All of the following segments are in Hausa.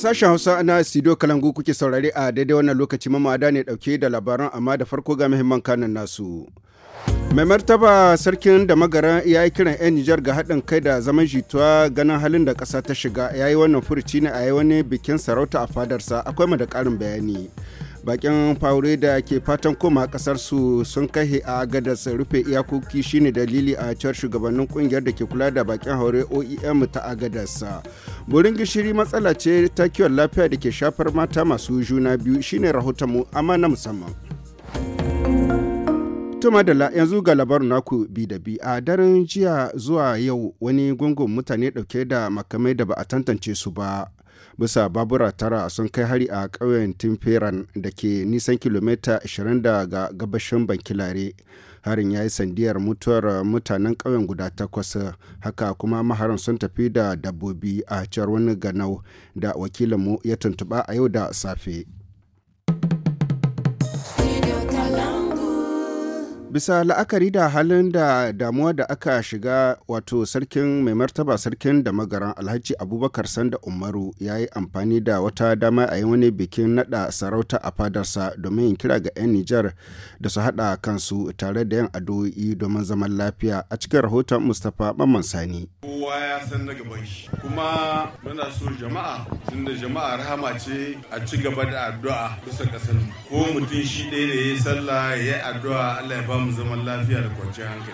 Sashen Hausa na Sido Kalangu kuke saurari a daidai wannan lokaci mamada ne dauke da labaran amma da farko ga muhimman kanan nasu. Mai martaba sarkin da magara ya yi kiran 'yan Nijar ga haɗin kai da zaman jituwa ganin halin da ƙasa ta shiga ya yi wannan furuci ne a yi wani bikin sarauta a fadarsa akwai mu da ƙarin bayani. bakin faure da ke fatan koma ƙasarsu sun kahe a gadas rufe iyakoki shine dalili a cewar shugabannin kungiyar da ke kula da bakin haure oem ta agadarsa. burin gishiri matsala ce ta kiwon lafiya da ke shafar mata masu juna biyu shine rahoton mu amma na musamman Tuma da yanzu ga labarin naku bi da bi a daren jiya zuwa yau wani gungun mutane dauke da makamai da ba a tantance su ba bisa babura tara sun kai hari a ƙauyen timferan da ke nisan kilomita 20 daga gabashin bankilare harin ya yi sandiyar mutuwar mutanen ƙauyen guda takwas haka kuma maharan sun tafi da dabbobi a cewar wani ganau da wakilinmu ya tuntuɓa a yau da safe. bisa la'akari da halin da damuwa da aka shiga wato sarkin mai martaba sarkin da magaran alhaji abubakar sanda umaru ya yi amfani da wata dama a yi wani bikin nada sarauta a fadarsa domin yin kira ga 'yan nijar da su hada kansu tare da yin addu'o'i domin zaman lafiya a cikin rahoton mustapha mamman sani kowa ya san na gaban kuma muna so jama'a tun jama'a rahama ce a ci gaba da addu'a kusa ko mutum shi ɗaya ne ya sallah ya addu'a Allah ya ba mu zaman lafiya da kwanciyar hankali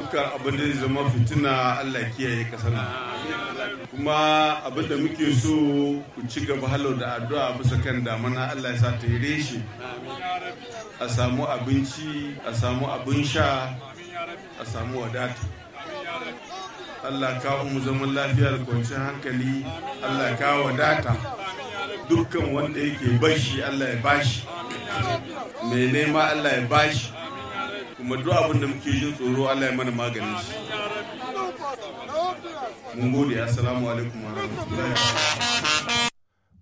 dukkan abin da zama fitina allah kiyaye kasar nan. kuma abin da muke so ku ci gaba halo da addu'a bisa kan damana allah ya sa ta yi reshe a samu abinci a samu abin sha a samu wadata allah kawo mu zaman lafiya da kwanciyar hankali allah kawo wadata dukkan wanda yake bashi Allah ya bashi mai nema Allah ya bashi kuma duk abin da muke jin tsoro Allah ya mana maganin shi mun gode assalamu alaikum wa rahmatullahi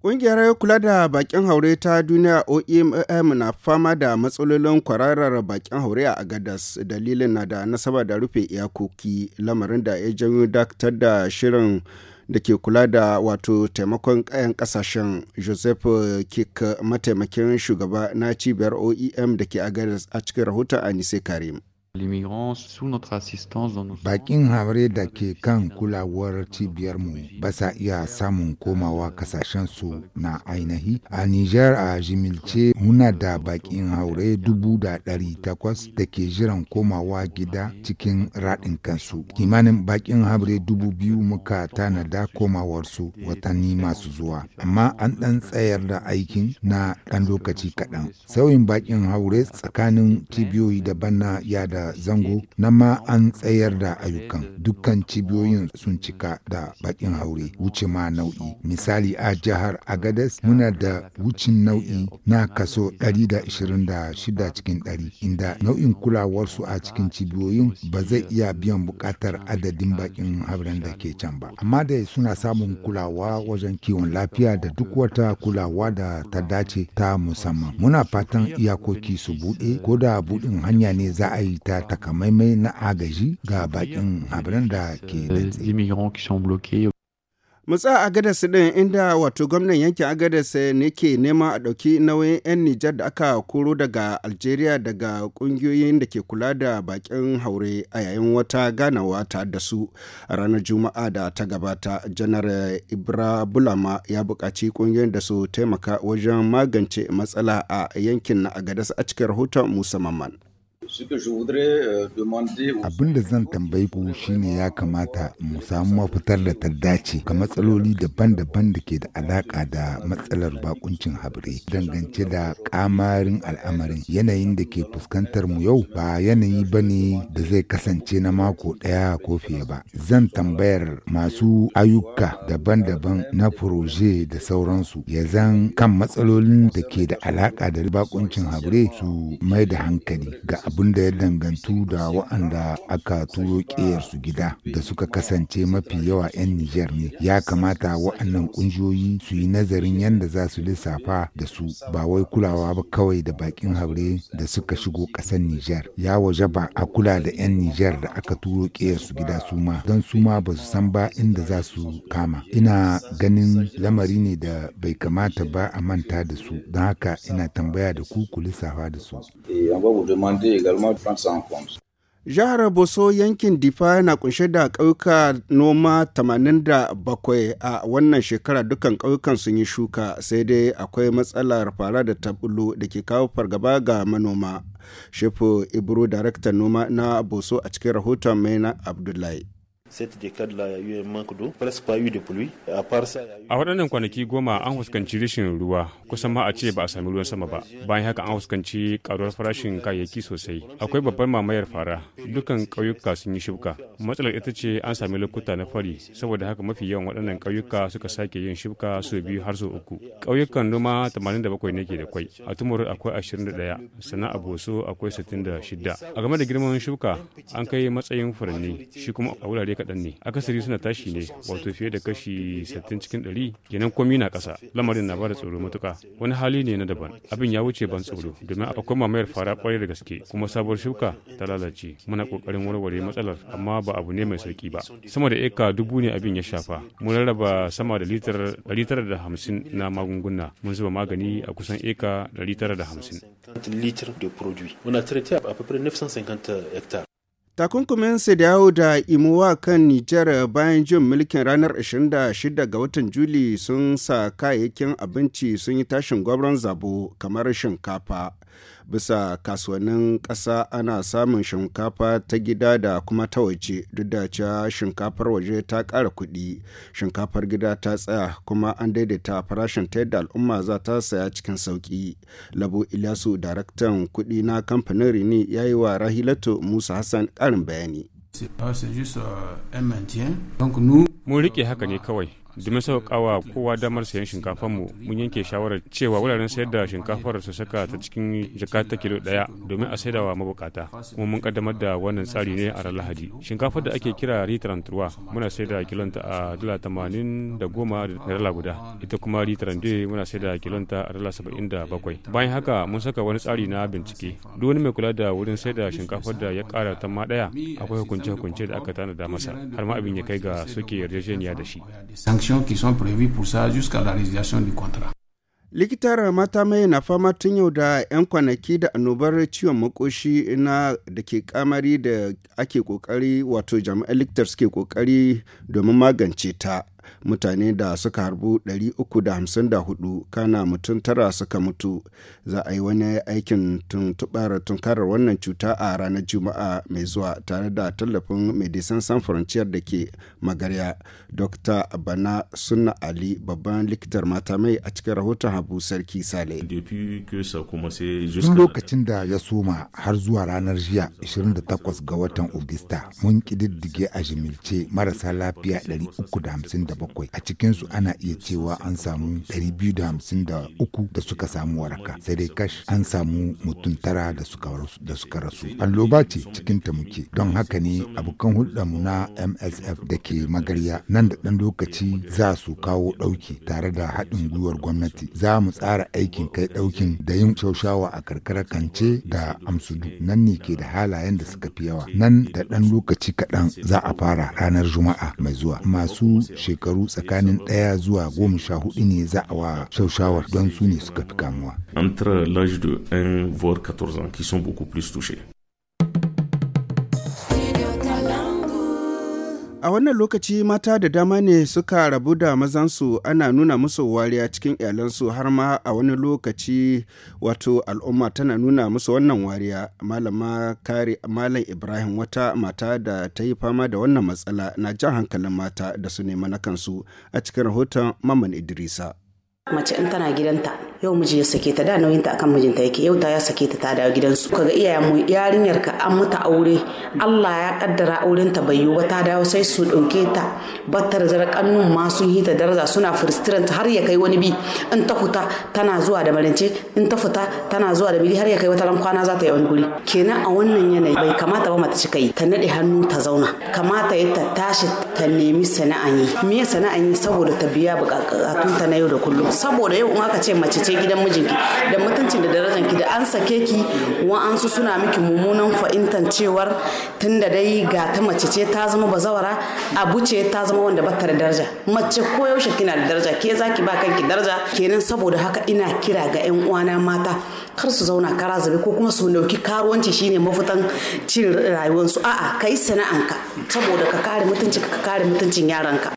Ƙungiyar kula da bakin haure ta duniya OEMM na fama da matsalolin kwararar bakin haure a Agadas dalilin na da nasaba da rufe iyakoki lamarin da ya janyo daktar da shirin da ke kula da wato taimakon kayan kasashen joseph kik mataimakin shugaba na cibiyar oem da ke agaris a cikin rahoton anise karim Bakin haure da ke kan kulawar cibiyarmu ba sa iya samun komawa su na ainihi. A Nijar a Jimilce muna da bakin haure dubu da ɗari takwas da ke jiran komawa gida cikin raɗin kansu. Kimanin bakin haure dubu biyu muka tanada komawarsu watanni masu zuwa. Amma an ɗan tsayar da aikin na ɗan lokaci kaɗan. Sauyin bakin haure tsakanin cibiyoyi daban na yada da zango na ma an tsayar da ayyukan dukkan cibiyoyin sun cika da bakin haure wuce ma nau'i misali a jihar agades muna da wucin nau'i na kaso 126 cikin 100 inda nau'in kulawarsu a cikin cibiyoyin ba zai iya biyan buƙatar adadin bakin hauren da ke can ba amma da suna samun kulawa wajen kiwon lafiya da duk wata kulawa da ta dace ta musamman muna fatan iyakoki su buɗe ko da buɗin hanya ne za a yi ta da takamaimai na agaji ga bakin abin da ke da mutsa agadas din inda wato gwamnan yankin agadas ne ke nema a ɗauki nauyin 'yan nijar da aka koro daga algeria daga ƙungiyoyin da ke kula da bakin haure a yayin wata ganawa ta da su ranar juma'a da ta gabata janar ibra bulama ya buƙaci ƙungiyoyin da su taimaka wajen magance matsala a yankin na agadas a cikin rahoton musa musamman Eh, abin da zan tambayi ku shine ya kamata mu samu mafitar da ta dace ga matsaloli daban-daban da ke da alaƙa da matsalar bakuncin habire dangance da kamarin al'amarin yanayin da ke fuskantar mu yau ba yanayi ba ne da zai kasance na mako ɗaya ko fiye ba. Zan tambayar masu ayyuka daban-daban na furoje da sauransu ya zan kan matsalolin da ke da alaka da bakuncin habire su mai da hankali ga abin abun da ya dangantu da waɗanda aka turo su gida da suka kasance mafi yawa 'yan Nijar ne. Ya kamata waɗannan ƙungiyoyi su yi nazarin yadda za su lissafa da su ba wai kulawa ba kawai da bakin haure da suka shigo ƙasar Nijar. Ya waje ba a kula da 'yan Nijar da aka turo su gida su ma don su ma ba su san ba inda za su kama. Ina ganin lamari ne da bai kamata ba a manta da su don haka ina tambaya da ku ku lissafa da su. on va vous demander également de prendre ça en compte. Jihar Boso yankin Difa na kunshe da kauka noma da bakwai a wannan shekara dukkan ƙauyukan sun yi shuka sai dai akwai matsalar fara da tabulu da ke kawo fargaba ga manoma. Shefu Ibro daraktan noma na Boso a cikin rahoton Maina Abdullahi. A waɗannan kwanaki goma an fuskanci rashin ruwa kusan ma a ce ba a sami ruwan sama ba. Bayan haka an fuskanci karuwar farashin kayayyaki sosai. Akwai babbar mamayar fara. dukkan ƙauyuka sun yi shuka. Matsalar ita ce an sami lokuta na fari saboda haka mafi yawan waɗannan ƙauyuka suka sake yin shuka su biyu har su uku. Ƙauyukan noma 87 ne ke da kwai. A Tumur akwai 21 sannan a Boso akwai 66. A game da girman shuka an kai matsayin furanni shi kuma a wurare kaɗan ne akasari suna tashi ne wato fiye da kashi 60 cikin 100 kenan komi na ƙasa lamarin na bada tsoro matuka wani hali ne na daban abin ya wuce ban tsoro domin akwai mamayar fara kwarai da gaske kuma sabuwar shuka ta lalace muna kokarin warware matsalar amma ba abu ne mai sauƙi ba sama da eka dubu ne abin ya shafa mun rarraba sama da litar 950 na magunguna mun zuba magani a kusan eka 950 litre de produit. On a traité à peu près 950 hectares. Takunkumin su dawo da imowa kan Nijar bayan jin mulkin ranar 26 ga watan Juli sun sa kayayyakin abinci sun yi tashin gwabron zabo kamar shinkafa. bisa kasuwannin ƙasa ana samun shinkafa ta gida da kuma ta waje duk da cewa shinkafar waje ta ƙara kuɗi shinkafar gida ta tsaya kuma an daidaita farashin ta yadda al'umma za ta saya cikin sauƙi labu ilyasu daraktan kuɗi na kamfanin rini ya yi wa rahilatu musa hassan ƙarin bayani euh, Mun rike haka ne kawai domin sauƙawa kowa damar sayan shinkafar mu mun yanke shawarar cewa wuraren sayar da shinkafar su saka ta cikin jakata kilo daya domin a saida wa mabukata kuma mun kaddamar da wannan tsari ne a ran lahadi shinkafar da ake kira ritran turwa muna saida kilonta a dala tamanin da goma da dala guda ita kuma ritran dai muna saida kilonta a dala saba'in da bakwai bayan haka mun saka wani tsari na bincike duk wani mai kula da wurin saida shinkafar da ya kara ta ma daya akwai hukunce-hukunce da aka tanada masa har ma abin ya kai ga suke yarjejeniya da shi conditions qui sont prévues pour ça jusqu'à la résiliation du contrat. likitar mata mai na fama tun yau da 'yan kwanaki da annobar ciwon makoshi na da ke kamari da ake kokari wato jami'an likitar suke kokari domin magance ta mutane da suka harbu 354 kana mutum tara suka mutu za a yi wani aikin tuntubar tunkarar wannan cuta a ranar juma'a mai zuwa tare da tallafin medicine sans frontier da ke magarya dr bana sunna ali babban likitar mata mai a cikin rahoton habu sarki sale lokacin da ya soma har zuwa ranar jiya 28 ga watan ogista mun ƙididdige a jimilce marasa lafiya 350 bakwai a cikinsu ana iya cewa an samu ɗari biyu da hamsin da suka samu waraka sai dai kash an samu mutum tara da suka rasu, allo rasu alloba ce cikin ta muke don haka ne abokan hulɗarmu na msf da ke magarya nan da ɗan lokaci za su kawo ɗauki tare da haɗin gwiwar gwamnati za mu tsara aikin kai ɗaukin da yin shaushawa a karkara kance da amsudu nan ne ke da halayen da suka fi yawa nan da ɗan lokaci kaɗan za a fara ranar juma'a mai zuwa masu shekaru shekaru tsakanin ɗaya zuwa goma sha hudu ne za a wa shaushawar don su ne suka fi kamuwa. Entre l'âge de 1 voire 14 ans qui sont beaucoup plus touchés. A wannan lokaci mata da dama ne suka rabu da mazansu ana nuna musu wariya cikin iyalansu har ma a wani lokaci wato al'umma tana nuna musu wannan wariya. Malama kare Malam Ibrahim wata mata da ta yi fama da wannan matsala na jan hankalin mata da su nema na kansu a cikin rahoton Maman Idrisa. Mace in tana gidanta yau miji ya sake ta da nauyin ta akan mijinta yake yau ta ya sake ta ta dawo gidansu kaga iyayen mu yarinyar ka an mata aure Allah ya kaddara auren ta bai yiwu ta dawo sai su dauke ta battar zara kannun ma sun hita daraja suna frustrant har ya kai wani bi in ta fita tana zuwa da marince in ta fita tana zuwa da bili har ya kai wata kwana za ta yi wani guri kenan a wannan yanayi bai kamata ba mata cika yi ta nade hannu ta zauna kamata ya ta tashi ta nemi sana'an yi me sana'an yi saboda ta biya bukatun ta na yau da kullum saboda yau in aka ce mace ce je gidan mijinki da mutuncin da ki da an sake ki wa'ansu suna miki mummunan fa'intan cewar tun da dai ga ta mace ce ta zama bazawara abu ce ta zama wanda ba bata da daraja mace ko yaushe kina da daraja ke za ki ba kanki daraja kenan saboda haka ina kira ga yan uwana mata kar su zauna kara zabe ko kuma su nauki karuwanci shine mafitan cin rayuwarsu a'a kai sana'anka saboda ka kare mutunci ka kare mutuncin yaranka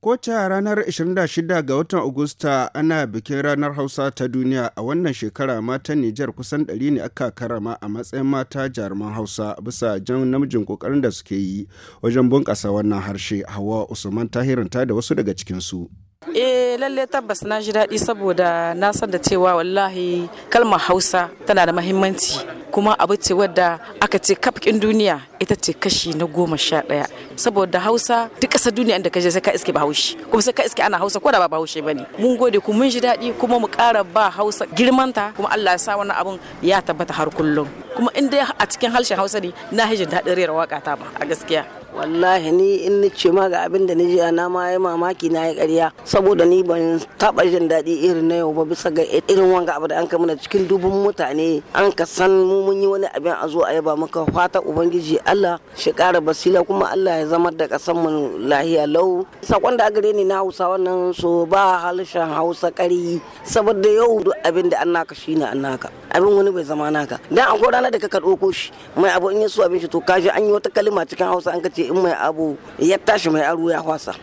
Kowace ranar 26 ga watan Agusta ana bikin ranar Hausa ta duniya a wannan shekara matan Nijar kusan ɗari ne aka karama a matsayin mata jaruman Hausa bisa jan namijin kokarin da suke yi wajen bunƙasa wannan harshe Hawa Usman tahiranta da wasu daga cikinsu. eh lalle tabbas na ji daɗi saboda na san da cewa wallahi kalmar hausa tana da mahimmanci kuma abu ce wadda aka ce kafkin duniya ita ce kashi na goma sha ɗaya saboda hausa duk ƙasar duniya da ka je sai ka iske bahaushe kuma sai ka iske ana hausa ko da ba bahaushe ba ne mun gode ku mun ji daɗi kuma mu ƙara ba hausa girmanta kuma allah ya sa wannan abun ya tabbata har kullum kuma in dai a cikin harshen hausa ne na hijin daɗin rera waka ta ba a gaskiya wallahi ni in ni ce ma ga abin da ni ji na ma yi mamaki na yi ƙarya saboda ni ban taɓa jin daɗi irin na yau ba bisa ga irin wanga abu da an kai cikin dubun mutane an ka san mu mun yi wani abin a zo a yaba maka fata ubangiji Allah shi kara basila kuma Allah ya zama da kasan mu lahiya lau sakon da gare ni na Hausa wannan so ba halshen Hausa kari saboda yau duk abin da an naka shine an naka abin wani bai zama naka dan gora ranar da ka ko shi mai abu in ya so abin shi to kaji an yi wata kalima cikin Hausa an ka ce in mai abu ya tashi mai aro ya hwasa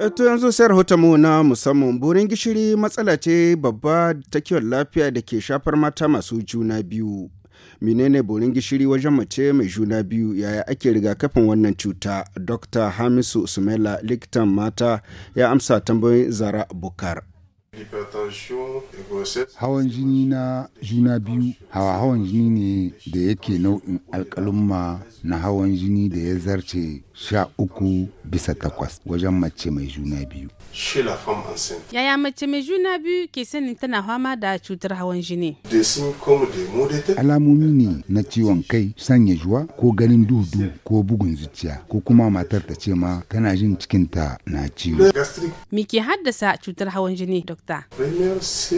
To yanzu sai mu na musamman burin gishiri matsala ce babba ta kiwon lafiya da ke shafar mata masu juna biyu. Menene burin gishiri wajen mace mai juna biyu yaya ake riga kafin wannan cuta? Dr. Hamisu Sumela likitan mata ya amsa tambayoyin Zara Bukar. Hawan jini na juna biyu, hawa hawan jini ne da yake nau'in alkalumma na hawan jini da ya zarce sha uku bisa takwas wajen mace mai juna biyu. Yaya mace mai juna biyu ke sanin tana fama da cutar hawan jini? Alamomi ne na ciwon kai, sanya juwa ko ganin dudu ko bugun zuciya ko kuma matar ta ce ma tana jin cikinta na ciwo. Me ke haddasa cutar hawan jini, dokta?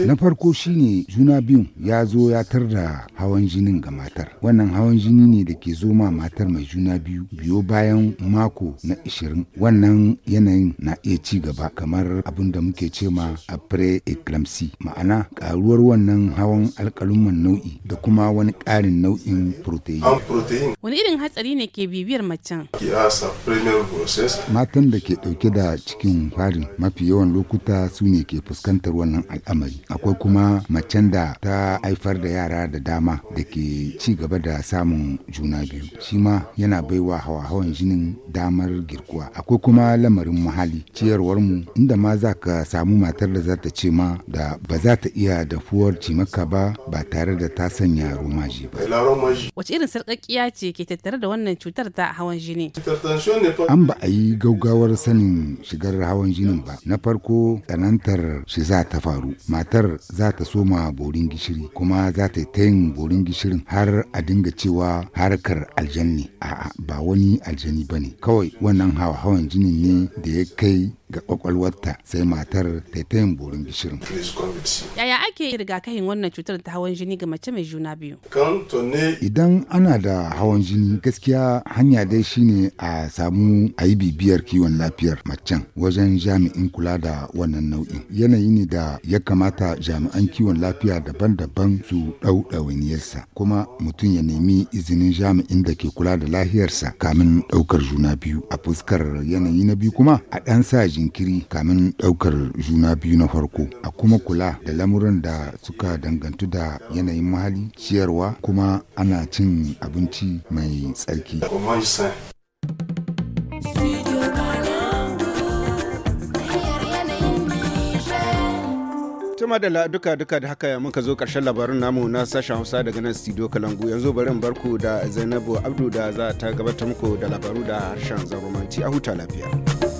Na farko shine juna biyun ya zo ya tar da hawan jinin ga matar. Wannan hawan jini ne da ke zo ma matar mai juna biyu biyo bayan mako na 20 wannan yanayin na iya ci gaba kamar abin da muke cema a pre-eclampsy ma'ana karuwar wannan hawan alkalumman nau'i da kuma wani ƙarin nau'in protein. Wani irin hatsari ne ke bibiyar macen? Matan da ke dauke da cikin farin mafi yawan lokuta su ne ke fuskantar wannan al'amari. Akwai kuma macen da ta haifar da yara da dama da ke ci gaba da samun juna biyu. Shi ma yana baiwa hawa-hawan jinin damar girkuwa akwai kuma lamarin muhalli mu inda ma za ka samu matar da za ta ce ma da ba za ta iya dafuwar cimaka ba ba tare da ta sanya romaji ba wace irin sarƙaƙiya ce ke tattare da wannan cutar ta hawan jini an ba a yi gaugawar sanin shigar hawan jinin ba na farko tsanantar shi za ta faru matar za ta soma borin gishiri kuma za ta yi ta yin borin gishirin har a dinga cewa harkar aljanni a'a ba wani aljanni ba ne kawai wannan hawan jinin ne da ya kai ga kwakwalwarta sai matar ta tayin borin gishirin. Yaya ake rigakafin wannan cutar ta hawan jini ga mace mai juna biyu? Idan ana da hawan jini gaskiya hanya dai shine a samu a yi bibiyar kiwon lafiyar macen wajen jami'in kula da wannan nau'i. Yanayi ne da ya kamata jami'an kiwon lafiya daban-daban su ɗau ɗawainiyarsa kuma mutum ya nemi izinin jami'in da ke kula da lafiyarsa kamin ɗaukar juna biyu a fuskar yanayi na biyu kuma a ɗan sa jini jinkiri kamin ɗaukar juna biyu na farko a kuma kula da lamuran da suka dangantu da yanayin mahali ciyarwa kuma ana cin abinci mai tsarki jama da duka duka da haka muka zo karshen labarin namu na sashen hausa daga nan studio kalangu yanzu bari in barku da zainabu abdu da za ta gabatar muku da labaru da harshen zaromanci a huta lafiya.